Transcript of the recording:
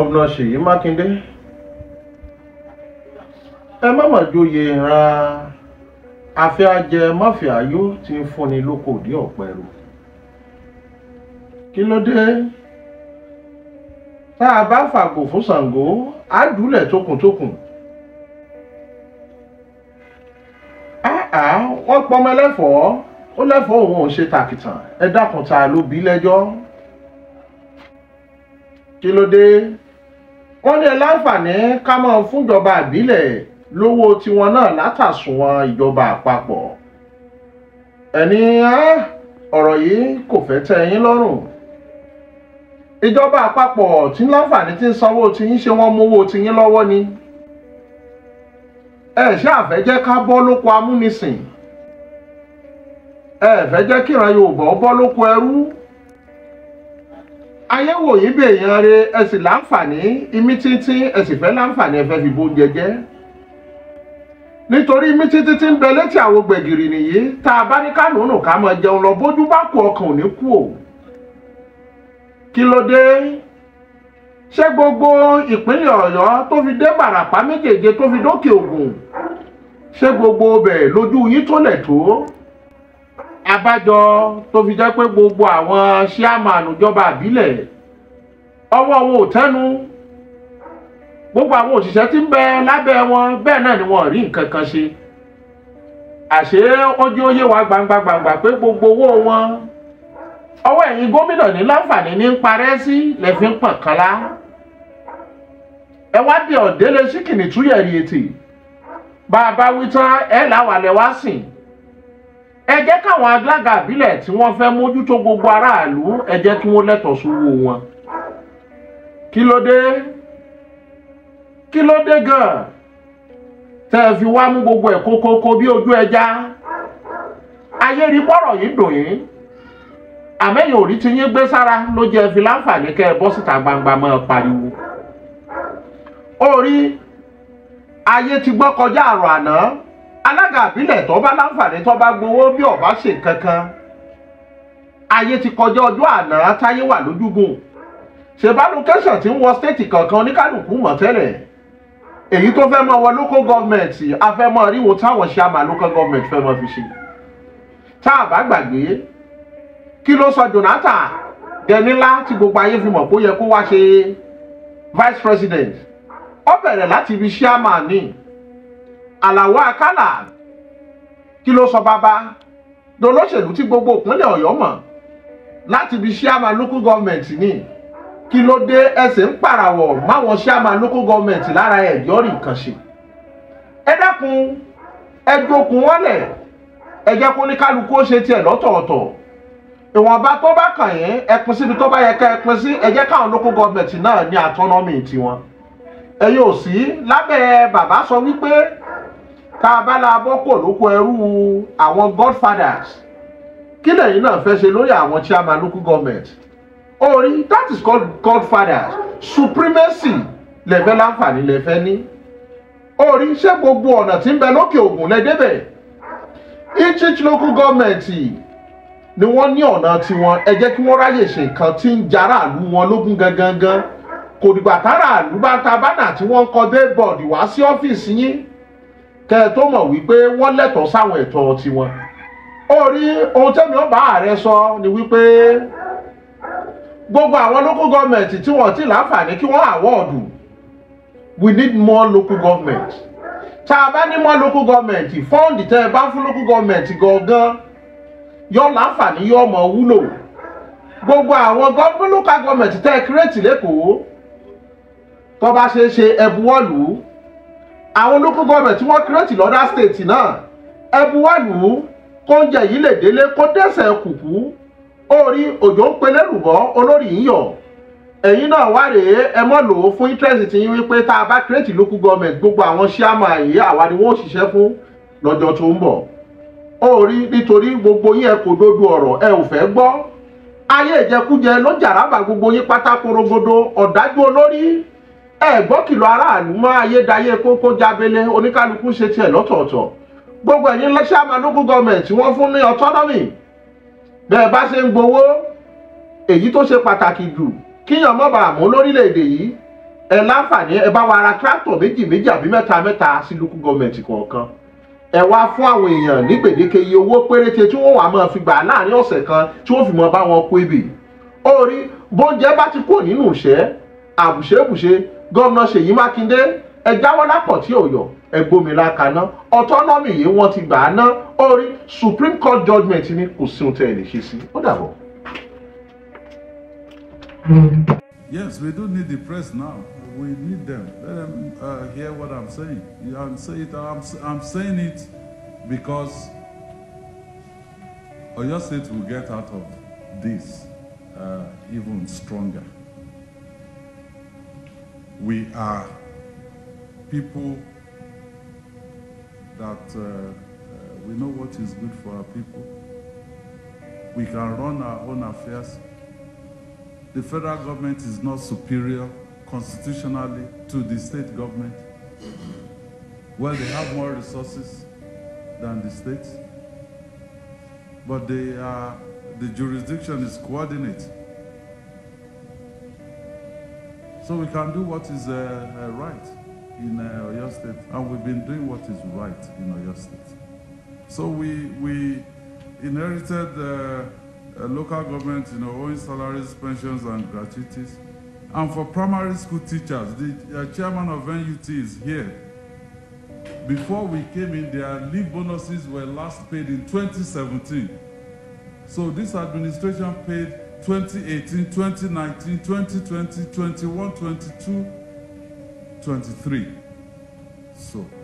gọ́vnà ṣèyí mákindé ẹ má mà joyè ìran afẹ́ajẹ máfíàyó ti ń fúnni lóko òdí ọ̀pẹ rò kí ló dé tá a bá fàgò fún ṣàngó á dúlẹ̀ tókùntókùn àá wọ́n pọ́nmọ́ ẹlẹ́fọ̀ọ́ ó lẹ́fọ̀ọ́ òun ò ṣe tàkìtàn ẹ dákun ta ló bí lẹ́jọ́ kí ló dé wọ́n ní láǹfààní ká máa fúnjọba ìbílẹ̀ lówó tiwọn náà látàsùnwọn ìjọba àpapọ̀ ẹni ọ̀rọ̀ yìí kò fẹ́ tẹ́ yín lọ́rùn ìjọba àpapọ̀ tí ń láǹfààní tí ń sanwó tí ń ṣe wọ́n mówó tí yín lọ́wọ́ ni ẹ ṣáà fẹ́ jẹ́ ká bọ́ lóko amúnisìn ẹ fẹ́ jẹ́ kíran Yorùbá bọ́ lóko ẹrú ayẹwo yìí bèèyàn re ẹ sì láǹfààní imí títí ẹ sì fẹ́ láǹfààní ẹ fẹ́ fi bó jẹjẹ nítorí imí títí tí ń bẹ létí àwọn gbẹ̀gìrì nìyí tá a bá ní kánùnù ká máa jẹun lọ bójú bá kú ọkàn ò ní kú o kí ló dé ṣé gbogbo ìpínlẹ̀ ọ̀yọ́ tó fi dé bàràpá méjèèje tó fi dókè ògùn ṣé gbogbo bẹ̀ lójú yín tó lẹ̀ tó àbájọ tó fi jẹ́ pé gbogbo àwọn ṣíàmánù ìjọba àbílẹ̀ ọwọ́ wọn ò tẹ́nu gbogbo àwọn òṣìṣẹ́ tí ń bẹ lábẹ́ wọn bẹ́ẹ̀ náà ni wọ́n rí nǹkan kan ṣe àṣé ó jẹ́ òye wa gbangba gbangba pé gbogbo owó wọn ọwọ́ ẹ̀yin gómìnà ní láǹfààní ní ń parẹ́ sí lẹ́fí ń pọ̀n kánlá ẹ wá di ọ̀dẹ́lẹ̀ síkìnì túyẹ̀rì ètè bá a bá wí làwàlẹ̀ wá sìn ẹ jẹ́ káwọn alága àbílẹ̀ tí wọ́n fẹ́ mójútó gbogbo aráàlú ẹ jẹ́ kí wọ́n lẹ́tọ̀ọ́ sówó wọn. kí ló dé kí ló dé gan-an tẹ́ ẹ fi wá mú gbogbo ẹ̀ kókókó bí ojú ẹja ayé rí bọ́rọ̀ yìí dùn yín àmẹ́yìn òrí ti yín gbé sára ló jẹ́ fi láǹfààní kẹ́ ẹ bọ́ síta gbangba mọ́ ẹ pariwo. orí ayé ti gbọ́ kọjá àrò àná alága àbílẹ̀ tó bá láǹfààní tó bá gbowó bí ọba ṣe nǹkan kan ayé ti kọjá ọjọ́ àná táyé wà lójúgùn ṣèbánu kẹsàn tí ń wọ stéètì kankan oníkálukú mọ̀ tẹ́lẹ̀ èyí tó fẹ́ mọ wọ local government afẹ́mọ́ ríwo táwọn ṣe àmà local government fẹ́ mọ fi ṣe tá a bá gbàgbé kí ló sọ Jonathan dẹnílá tí gbogbo ayé fi mọ̀ pé ó yẹ kó wá ṣe vice president ó bẹ̀rẹ̀ láti ibi ṣíàmà ni àlàó àkàlà kí ló sọ bàbá dolóṣèlú tí gbogbo ìpínlẹ̀ ọ̀yọ́ mọ̀ láti ibi ṣíàmà local government ni kí ló dé ẹsẹ̀ ń pàràwọ̀ máwọn ṣíàmà local government lára ẹ̀ yọrí nǹkan ṣe ẹ dákun ẹ jokun wọn lẹ̀ ẹ jẹ́ kó ní kálukú ó ṣe tiẹ̀ lọ́tọ̀ọ̀tọ̀ ìwọ̀nba tó bá kàn yín ẹ pín síbi tó bá yẹ ká ẹ pín sí ẹ jẹ́ káwọn local government náà ní autonomy tiwọn ẹ̀yin ò sí lábẹ́ bàbá sọ wípé tá bá la bọ́ kò lóko ẹrú àwọn godfathers kí lẹ́yìn náà fẹ́ ṣe lórí àwọn chairman local government orí that is called godfathers supremacy lẹ́fẹ́ láǹfààní lẹ́fẹ́ ní orí ṣé gbogbo ọ̀nà tí ń bẹ lókè ògùn lẹ́dẹ́bẹ̀ each each local government ni wọ́n ní ọ̀nà tiwọn ẹ jẹ́ kí wọ́n ráyè ṣe nǹkan tí ń jaráàlú wọn lógún gangan kò dìgbà táráàlú bá ta bánà tí wọ́n ń dé bọ̀dì wá sí ọ́fíìsì yín kẹ́ ẹ tó mọ̀ wípé wọ́n lẹ́tọ̀ọ́ sáwọn ẹ̀tọ́ tiwọn orí ohun tẹ́mi ọba ààrẹ sọ ni wípé gbogbo àwọn local government tí wọ́n ti láǹfààní kí wọ́n àwọ́ọ̀dù we need more local government tá a bá ní more local government fọ́ǹdì tẹ́ ẹ bá fún local government gangan yọ láǹfààní yọ ọmọ wúlò gbogbo àwọn local government tẹ́ ẹ kírètì lẹ́kọ̀ọ́ tó bá ṣeé ṣe ẹ buwọ́lù àwọn local government tí wọ́n create lọ́dà state náà ẹbu wà lù ú kó ń jẹ yìí lè délé kó dẹ́sẹ̀ kùkú orí òjò ń pelé rùbọ́ olórí yìí yọ̀ ẹ̀yin náà wá rèé ẹ mọ̀ lò ó fún interest ti yín wípé tá a bá create local government gbogbo àwọn ṣíàmà yìí àwa ni wọ́n ṣiṣẹ́ fún lọ́jọ́ tó ń bọ̀ orí nítorí gbogbo yín ẹ kò dodo ọ̀rọ̀ ẹ ò fẹ́ gbọ́ ayé ìjẹkújẹ ló jàrá bá gbogbo yín pátákó rogodo ọ̀dájú olórí ẹ gbọ́ kìlọ̀ aráàlú mọ́ ayédáyé kókó jábélé oníkálukú ṣe tiẹ̀ lọ́tọ̀ọ̀tọ̀ gbogbo ẹ̀yin lẹ́ṣẹ́ amadógún gọ́ọ̀mẹ̀ntì wọ́n fún ní autonomy bẹ́ẹ̀ bá ṣe ń gbowó èyí tó ṣe pàtàkì jù kíyàn mọ́ bàá mú lórílẹ̀‐èdè yìí ẹ láǹfààní ẹ bá wa ra tractor méjì méjì àbí mẹ́ta mẹ́ta sí lókù gọ́ọ̀mẹ̀ntì kọ̀ọ̀kan ẹ wá fún àwọn èèyàn ní gbèdéke iye owó péréte tí wọ́n wà máa fi gbà láàrin ọ̀sẹ̀ kan tí wọ́n fi mọ bá wọn kó ibì ó rí bóúnjẹ bá ti kúrò nínú ìṣẹ́ àbùṣebùṣe gómìnà Ṣèyí Mákindé ẹ jáwọ́ lápọ̀ tí ò yọ ẹgbómìnira autonomy yìí wọ́n ti gbà á ná orí Supreme Court judgement ni kò sí ohun tẹ́ ẹ lè ṣe sí ó dàbọ̀. Yes, we do need the press now. We need them. Let them uh, hear what I'm saying. I'm, say it, I'm, I'm saying it because Oyo State will get out of this uh, even stronger. we are people that uh, uh, we know what is good for our people. We can run our own affairs. The federal government is not superior constitutionally to the state government. Well, they have more resources than the states, but they are, the jurisdiction is coordinated. So we can do what is uh, uh, right in uh, Oyo State, and we've been doing what is right in Oyo State. So we, we inherited uh, uh local government, you know, owing salaries, pensions, and gratuities. And for primary school teachers, the uh, chairman of NUT is here. Before we came in, their leave bonuses were last paid in 2017. So this administration paid 2018, 2019, 2020, 21, 22, 23. So.